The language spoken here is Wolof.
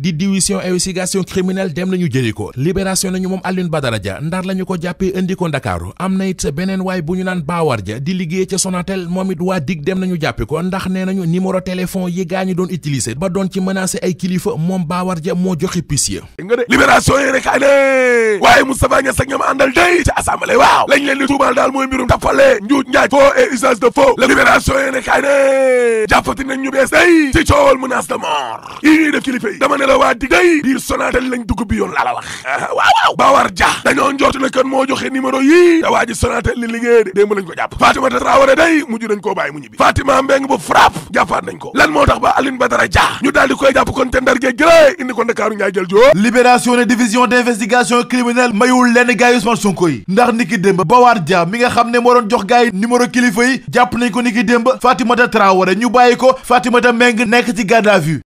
di division investigation criminelle dem nañu jëli ko libération nañu moom Alioune Badara Dia ndar la ñu ko jàppee indi ko Ndakaaru am na it beneen waay bu ñu naan Bawar Dia di liggéey ca Sonatel moom it waa dig dem nañu jàppi ko ndax nee nañu numéro téléphone yi gaa ñu doon utiliser ba doon ci menacer ay kilifa moom Bawar Dia moo joxe pis nga de libération waaye Moustapha Niass ak ñoom àndal day ci assemblée waaw lañ leen di tuumaal daal mooy la waa digay biir Sonatel lañ dugg bi yoon laa la wax ah, waaw waaw Bawar Dia dañoo njort ne kan moo joxe numéro yii te waa ji Sonatel li liggéey de démb lañ ko jàpp Fatimata Traoré day mujj nañ koo bàyyi mu ñibbi Fatima Mbeng bu frapp jàppaat nañ ko lan moo tax ba Aline Badara Dia ñu daal di koy jàpp kon te ndar géej indi ko Ndakaaru ñaay jël joo libération ne division d'investigation criminelle mayul lenn gaay Ousmane Sonko yi ndax niki démb Bawar xam ne moo doon jox gaay numéro kilifa ko niki démb Fatimata ñu bàyyi ko Fatimata Mbeng nekk ci garde à